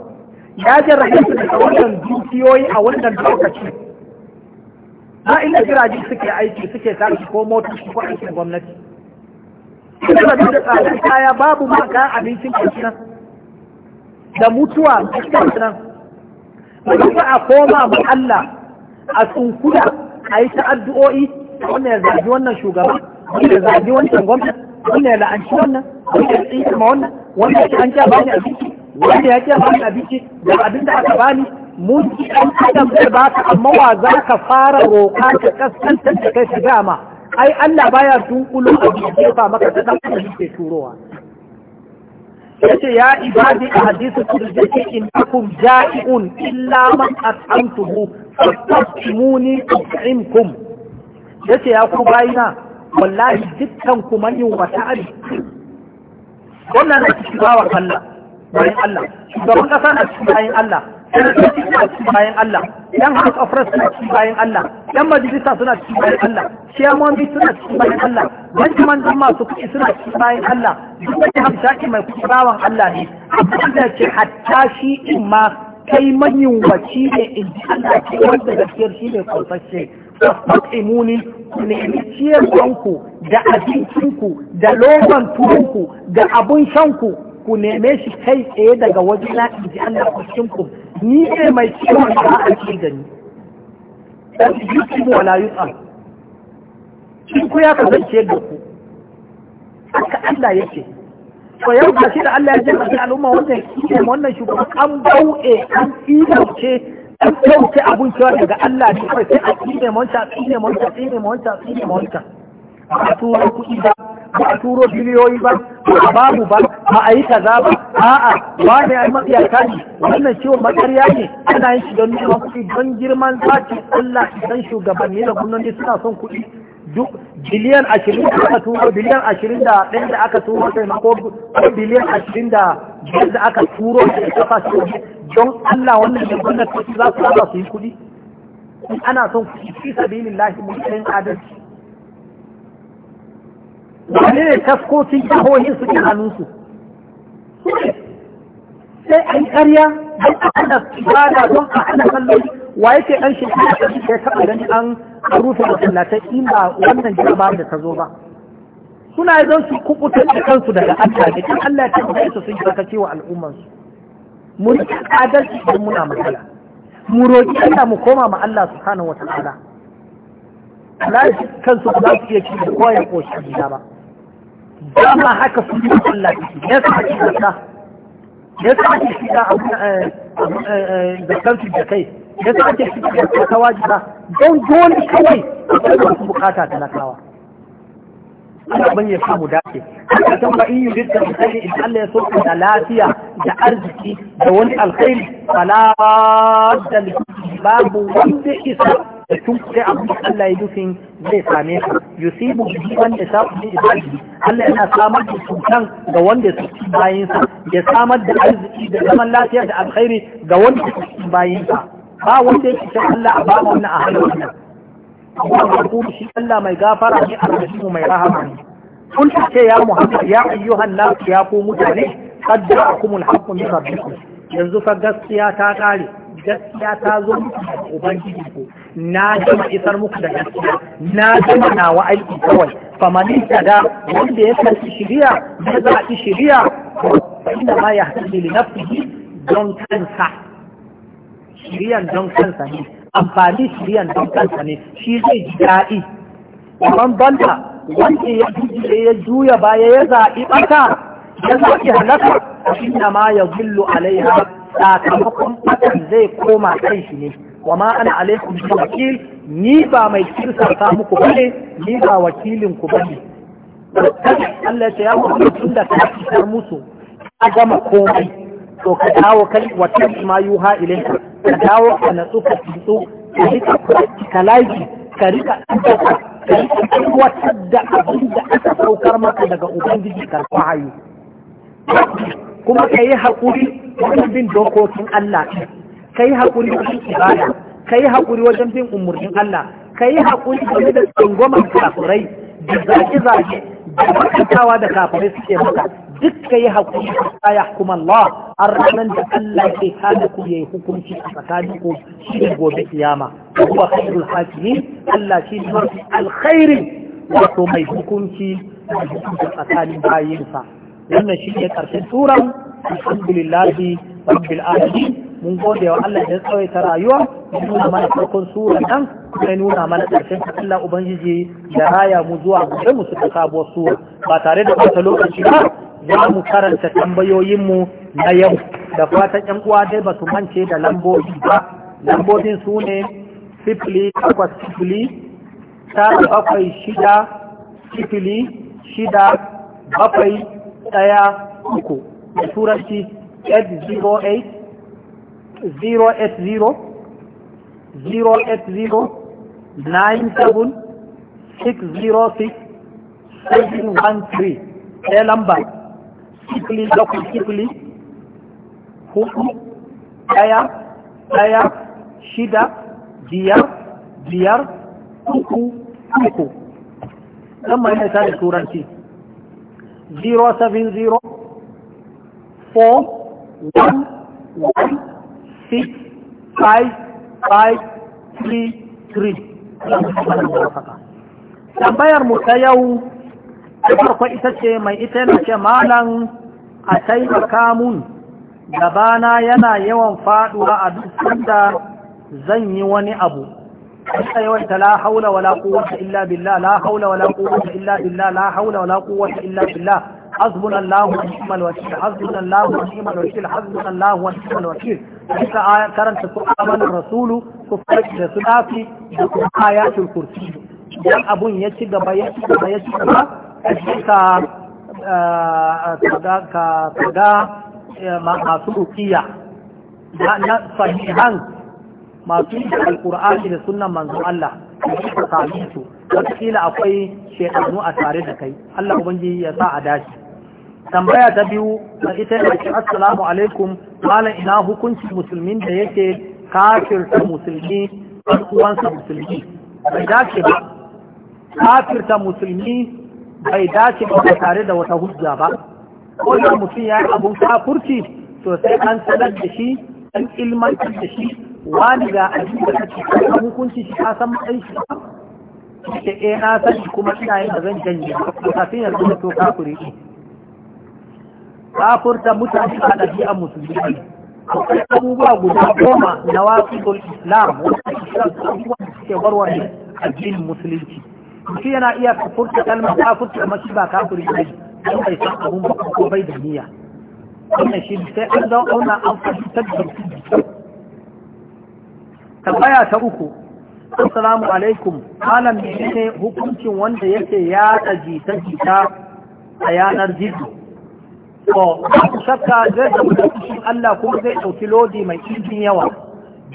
ya jarrabe su da wannan dukiyoyi a wannan lokaci ba inda jiragen suke aiki suke tashi ko su ko aikin gwamnati suna da tsadar kaya babu ma abincin kasuwa da mutuwa kasuwa nan ba a koma ma Allah a tsunkuda a yi ta addu'o'i wannan ya zagi wannan shugaba wannan ya zagi wancan gwamnati wannan ya la'anci wannan wannan ya tsinci ma wannan wanda ya an ja bani abinci wanda ya ja bani abinci da abin da aka bani mun ki an adam zai ka, amma wa za ka fara roƙa ka kaskantar da kai shiga ma ai Allah baya dunkulo a jikin ba maka ta dan ke turowa yace ya ibadi a hadisi kudurjaki in akum ja'i'un illa man at'amtuhu fastasmuni at'imkum yace ya ku bayina wallahi dukkan ku man yin wata abi wannan da cikin bawan Allah bayan Allah shugaban kasa na cikin bayan Allah yan sojoji suna cikin bayan Allah yan house of cikin bayan Allah yan majalisa suna cikin bayan Allah suna cikin bayan Allah banjaman din masu kuɗi suna cikin bayan Allah duk wani hamshaki mai kuɗi bawan Allah ne abin da ce hatta shi in ma kai manyan waci ne in ji Allah ke wanda gaskiyar shi ne kwasashe imuni ku nemi ciyarwanku da abincinku da loban tuwonku da abun shanku ku neme shi kai tsaye daga wajen na in ji Allah ku ni ne mai ciwon da a ce da ni dan yusufu wala tsan shi ku ya kasance da ku haka Allah yake to yau ga shi da Allah ya ce a al'umma wannan kike wannan shugaban an bau'e an ilace an kauce abin cewa daga Allah ne kawai sai a tsine mawanta tsine mawanta tsine mawanta tsine mawanta ba a turo kuɗi ba ba a turo biliyoyi ba ba babu ba ba a yi kaza ba a'a ba ne ai mafiyata ne wannan ciwon makarya ne ana yin shi don neman kuɗi don girman zaci Allah san shugabanni da gwamnati suna son kuɗi duk biliyan ashirin da aka turo biliyan ashirin da ɗaya da aka turo sai ko biliyan ashirin da biyar da aka turo da kafa don Allah wannan da gwamnati za su za su yi kuɗi ana son kuɗi fi sabilillahi mutum adalci wane ne taskokin jihohin suke hannunsu sai an karya don a hana ibada don a hana kalloli wa yake dan shi ya taɓa gani an rufe da in ba wannan jama'a da ta zo ba suna don su kubutar da kansu daga Allah da kan Allah ta da su sun saka cewa al'ummansu. su mu adalci idan muna matsala mu roƙi Allah mu koma ma Allah subhanahu wataala Allah kansu ba za su iya cikin koyar koshi gida ba dama haka yi Allah ya sa ake kasa ya sa ake shiga da kansu da kai ya sa ake shiga da ta wajiba don dole kawai akwai su bukata talakawa Ana ban ya samu dace haka ta ba in yi da kai in Allah ya so da lafiya da arziki da wani alkhairi fala da babu wanda isa da tun kuɗe abin da Allah ya nufin zai same ka yusibu bihi wanda ta kuɗe ibadi Allah yana samar da cutan ga wanda su ci bayin sa ya samar da arziki da zaman lafiya da alkhairi ga wanda su ci bayin sa ba wanda ya ci Allah a ba wannan a halin wannan Allah ya shi Allah mai gafara ne a rahimu mai rahama ne kun ce ya Muhammad ya ayyuhan nas ya ku mutane qad ja'akumul haqqu min rabbikum yanzu fa gaskiya ta kare gaskiya ta zo muku daga ubangiji ko na gama isar muku da gaskiya na gama nawa aiki kawai famanin da wanda ya kalli shiriya ya zaɓi shiriya to inda ma ya haɗu li nafsihi don kansa shiriyan don kansa ne amfani shiriyan don kansa ne shi zai ji daɗi ban banta wanda ya juya baya ya zaɓi ɓata ya zaɓi halaka inda ma ya zullu alaiha sakamakon hakan zai koma kai shi ne wa ma ana alaikum shi wakil ni ba mai kirsa muku bane ni ba wakilin ku bane Allah ya ya ku tunda ka fitar musu ka gama komai to ka dawo kai wa ma yuha ilayka ka dawo ka natsu ka tsu ka rika practicalize ka rika ɗaukaka ka rika tabbatar da abin da aka saukar maka daga ubangiji karfa hayu kuma ka yi haƙuri wajen bin dokokin Allah ka yi haƙuri wajen ibada ka yi haƙuri wajen bin umarnin Allah ka yi haƙuri game da tsangwamar kafirai da zaƙe-zaƙe da makantawa da kafirai suke maka duk ka yi haƙuri a ya kuma Allah a ranar da Allah ke kada ku yayi hukunci a tsakanin ku shi ne gobe kiyama Kuma huwa khairul Allah shi ne alkhairi wato mai hukunci a tsakanin bayinsa wannan shi ne ƙarshen turan alhamdulillahi rabbil alamin mun gode wa Allah da tsawaita rayuwa mun nuna mana farkon sura nan sai nuna mana ƙarshen Allah ubangiji da raya mu zuwa gobe mu suka sabo sura ba tare da wata lokaci ba za mu karanta tambayoyin mu na yau da fatan ƴan uwa dai ba su mance da lambobi ba lambobin su ne sifili takwas sifili tara bakwai shida sifili shida bakwai ɗaya uku da turanci 808 080 080 97 606 713 ɗaya lamba sikili bakwai sikili hudu ɗaya ɗaya shida biyar biyar uku uku don mai da turanci three tambayar mu ta yau ta farko ita ce mai ita yana ce malan a taimaka mun gabana yana yawan faɗuwa a duk sanda zan yi wani abu ka yawaita la haula wala quwwata illa billah la haula wala quwwata illa billah la haula wala quwwata illa billah حسبنا الله ونعم الوكيل حسبنا الله ونعم الوكيل حسبنا الله ونعم الوكيل ita aya karanta su amanin rasulu su farki da dafi da kuma ayatul kursi idan abun ya ci gaba ya ci gaba ya ci gaba ka ka masu rukiya na sahihan masu yi alkur'ani da sunan manzon Allah da sami su wataƙila akwai shekaru a tare da kai Allah ubangiji ya sa a dace tambaya ta biyu a ita yana ce assalamu alaikum malam ina hukuncin musulmin da yake kafirta musulmi a uwansa musulmi bai dace ba kafirta musulmi bai dace ba tare da wata hujja ba ko da mutum ya yi abun kafurci to sai an sanar da shi an ilmantar da shi wani ga abin da kake kan hukunci shi ka san matsayin shi ke eh na san kuma ina yin da zan janye ko kafin yanzu da to kafiri kafurta mutane a ɗabi'ar musulmi akwai abubuwa guda goma na wasu islam wanda islam abubuwa da suke warware addinin musulunci mutum yana iya furta kalmar kafurta mashi ba kafiri ne don bai san abun ba ko bai da niyya wannan shi sai an zama auna an fahimtar da su tambaya ta uku assalamu alaikum malam ne hukuncin wanda yake yada jita jita a yanar gizo to ku shakka zai da kushin Allah kuma zai ɗauki lodi mai cikin yawa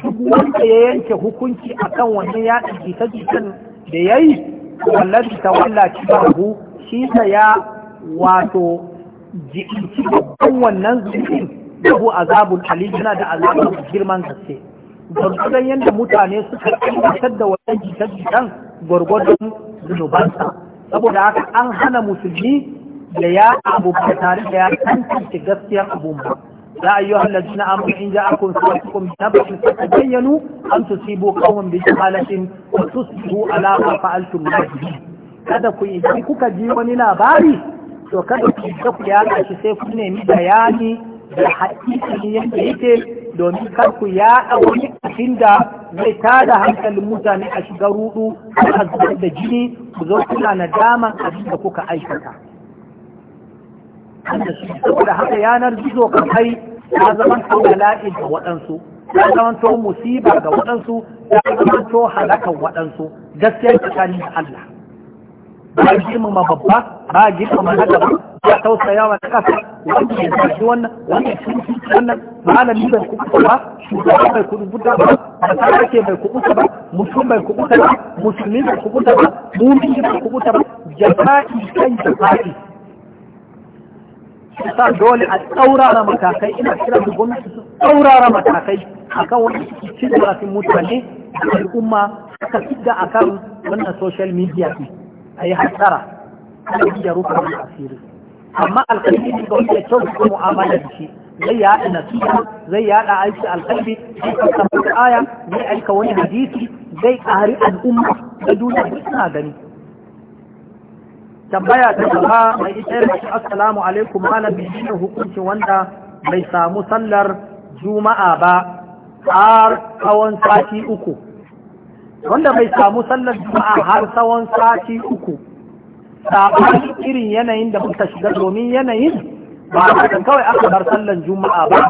duk wanda ya yanke hukunci akan wannan yada jita jitan da yayi wallahi ta wallahi ba shi ya wato jiki don wannan zurfin da bu azabun ali yana da azabun girman gaske gurgurdan yadda mutane suka tabbatar da wannan jikin gwargwadon zunubansa saboda haka an hana musulmi da ya abu ba tare da ya tantance gaskiyar abu ba ya ayyu na amma in ja'akum sawatukum tabatun fatabayyanu an tusibu qauman bi jahalatin wa tusbihu ala ma fa'altum kada ku yi kuka ji wani labari to kada ku da ku yaɗa shi sai ku nemi bayani da haƙiƙin yadda yake domin kar ku yaɗa wani abin da zai tada hankalin mutane a shiga rudu a zubar da jini ku zo kuna nadaman abin da kuka aikata. Saboda haka yanar gizo kan kai ta zama bala'in ga waɗansu. ya to musiba ga waɗansu ya to halakan waɗansu gaskiyar tsakanin Allah ba girmama babba ba girmama na gaba ba tausaya wa kasa wanda ya tashi wannan wanda ya tashi wannan malami bai kubuta ba shugaba bai kubuta ba masarake bai kubuta ba mutum bai kubuta ba musulmi bai kubuta ba mumin bai kubuta ba jama'i kan jama'i sa dole a tsaurara matakai ina kira da gwamnati su tsaurara matakai akan wani cikin mutane da al'umma suka fidda akan wannan social media ne a yi hasara kada yi da rufe mai asiri amma alkalmi ga wanda kyau ko mu'amala da shi zai yaɗa nasiha zai yaɗa aiki alkalmi zai kasa wata aya zai aika wani hadisi zai ƙari al'umma da duniya duk suna gani tambaya ta gaba mai ita yarda assalamu alaikum malam menene hukuncin wanda bai samu sallar juma'a ba har tsawon sati uku wanda bai samu sallar juma'a har tsawon sati uku sabanin irin yanayin da muka shiga domin yanayin ba a kawai aka bar sallar juma'a ba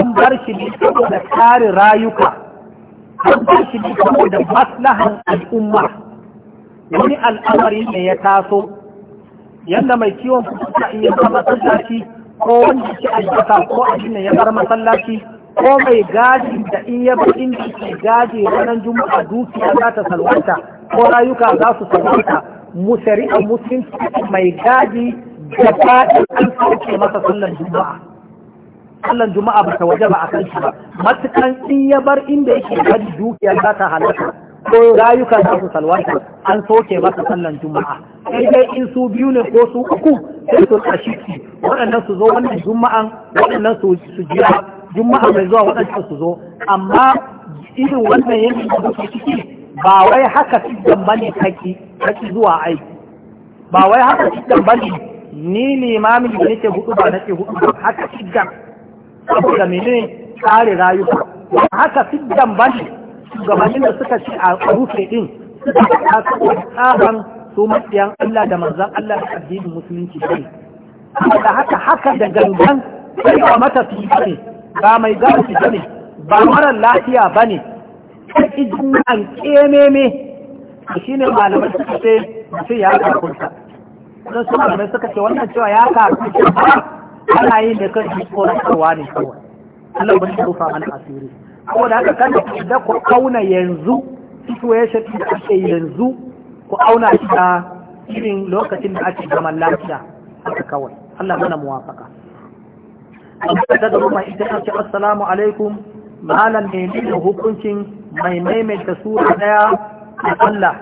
an bar shi ne saboda kare rayuka an bar shi ne saboda maslahan al'umma wani al'amari ne ya taso yadda mai kiwon kuka iya bar masallaci ko wanda ke albasa ko abin ya bar masallaci ko mai gadi da in ya bar inda ke gadi ranar juma'a dukiya za ta salwanta ko rayuka za su salwanta musari a musulunci mai gadi da fadi an sauke masa sallan juma'a sallan juma'a ba ta waje ba a kan shi ba matukan in ya bar inda yake gadi dukiya za ta halatta ko rayuka za su salwanta an soke masa sallan juma'a sai dai in su biyu ne ko su uku sai su tashi waɗannan su zo wannan juma'an waɗannan su jira juma'a mai zuwa waɗanda su zo amma irin wannan yanki da suke ciki ba wai haka fiddan bane kaki kaki zuwa aiki ba wai haka fiddan bane ni limamin da nake hudu ba nake hudu ba haka fitan saboda mene tsare rayuwa haka fiddan bane gabanin da suka ci a rufe din suka kasa tsaban su matsiyan Allah da manzan Allah da addinin musulunci ne da haka haka da gangan sai ba mata ne ba mai gashi ba ne ba marar lafiya ba ne ƙarƙi jima'an ƙememe shi ne malamai suka ce mutum ya karkunta don su malamai suka ce wannan cewa ya karkunta ba ana yin da kan shi ko rasarwa ne kawai Allah ba shi rufa mana asiri saboda haka kan da ku auna yanzu situation da ake yanzu ku auna shi da irin lokacin da ake zaman lafiya haka kawai Allah mana muwafaka wanda ta zama mai ita ce assalamu alaikum malam ne ne hukuncin mai maimaita sura daya a sallah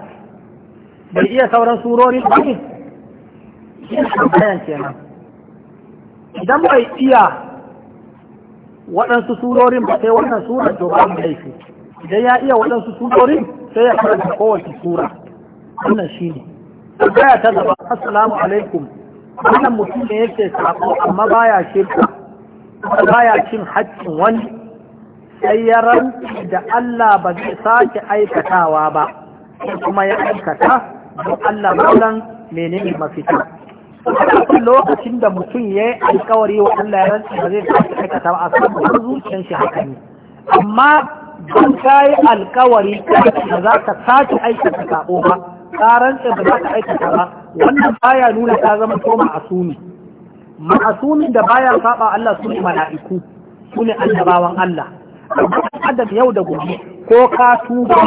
bai iya sauran surorin ba ne kenan idan bai iya waɗansu surorin ba sai wannan sura to ba mu laifi idan ya iya waɗansu surorin sai ya karanta kowace sura wannan shine baya ta gaba assalamu alaikum wannan mutum ne yake sako amma baya shirka ya cin haƙƙin wani sai ya rantsi da Allah ba zai sake aikatawa ba kuma ya aikata don Allah maulan menene mafita lokacin da mutum ya yi alkawari wa Allah ya rantsi ba zai sake aikata ba a samu zuciyar shi haka ne amma don ka yi alkawari da za ka sake aikata sako ba ka rantsi ba za ka aikata ba wannan baya nuna ka zama koma asumi. ma'asumin da baya saba Allah su ne mala'iku su ne annabawan Allah adam yau da gobe ko ka tuba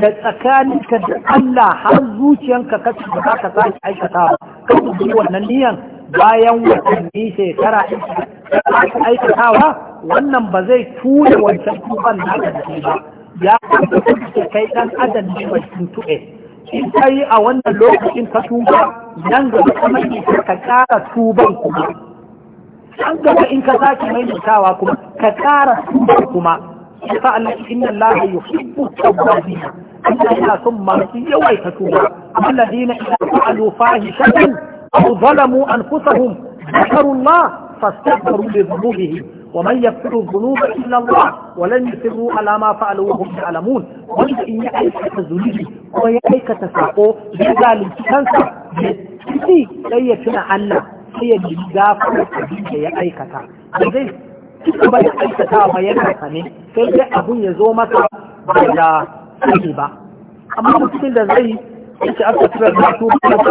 da tsakaninka da Allah har zuciyanka ka ci ba ka sake aikata ka ku wannan niyan bayan watanni shekara ka aikatawa wannan ba zai tura wancan tuban da ka ba ya kuma kai dan adam ne mai tuntube in ka yi a wannan lokacin ka tuba nan gaba kuma ka ƙara tuban kuma an gaba in ka sake maimaitawa kuma ka ƙara tuban kuma yasa Allah inna Allah yuhibbu tawwabin Allah yana son masu yawaita tuba alladina idza fa'alu fahishatan aw zalamu anfusahum ذكروا الله فاستغفروا لذنوبهم ومن يغفر الذنوب الا الله ولن يصروا على ما فعلوا وهم يعلمون wanda in ya aikata zunubi kuma ya aikata sako ya zalunci kansa da ciki sai ya tuna Allah sai ya gafara da ya aikata da zai cika ba ya aikata ba yana sai dai abun ya zo masa ba da sani ba amma mutumin da zai yake aka tura da su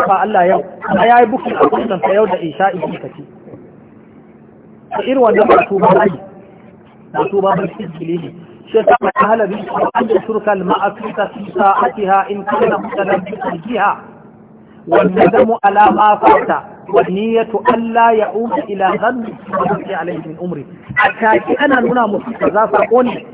ba Allah yau amma yayi bukin abun nan yau da isha'i kake haka irin wannan ba tuba ai ba tuba ba shi ne shi ta ma halabi an da shirka al-ma'asika fi sa'atiha in kana mutanabbisan biha wan nadamu ala ma fata wan niyatu alla ya'ud ila ghamm fi alayhi min umri ataki ana nuna mu za sa kone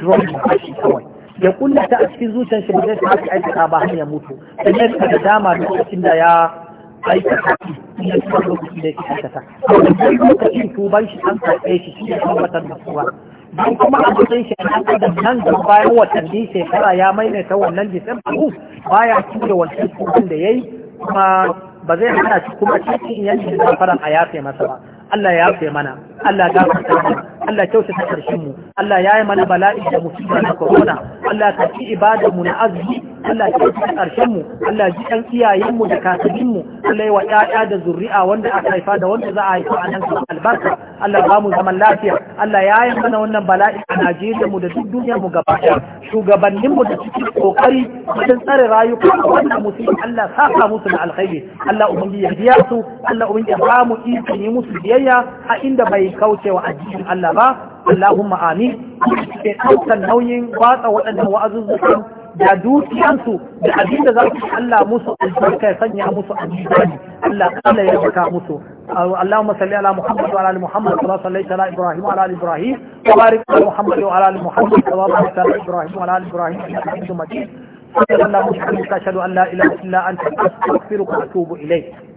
drone shi kawai ya kullata a cikin zuciyar shi ba zai ta aiki ba har ya mutu sai ka da dama da cikin da ya aikata ya kuma lokaci da yake aikata to da kai lokacin tuban shi an karɓe shi shi ne tabbatar da kowa don kuma a matsayin shi an da nan da bayan watanni shekara ya maimaita wannan disamba uh, baya cire wancan tukun da ya yi kuma ba zai hana shi kuma cikin yanci da faran a yafe masa ba Allah ya yafe mana Allah ya gafarta mana Allah kyautata karshen mu Allah ya yi mana bala'i da musiba na corona Allah ka ci ibada mu na azumi Allah kyautata karshen mu Allah ji ɗan iyayen mu da kasabin mu Allah wa ƴaƴa da zuri'a wanda aka haifa da wanda za a haifa a nan albarka Allah ba mu zaman lafiya Allah ya yi mana wannan bala'i a Najeriya mu da duk duniya mu gaba ɗaya shugabannin mu da cikin kokari wajen tsare rayuka wannan musulmi Allah saka musu da alkhairi Allah ubangiji ya biya su Allah ubangiji ya ba mu ikon yi musu biyayya a inda bai kauce wa addinin Allah kaza Allahumma amin ke ɗaukar nauyin watsa waɗannan wa'azuzzukan da dukiyansu da abin da za su Allah musu albarka ya sanya musu albarka Allah kala ya baka musu اللهم صل على محمد وعلى ال محمد كما صليت على ابراهيم وعلى ال ابراهيم وبارك على محمد وعلى ال محمد كما باركت على ابراهيم وعلى ال ابراهيم انك حميد مجيد اللهم اشهد ان لا اله الا انت استغفرك واتوب اليك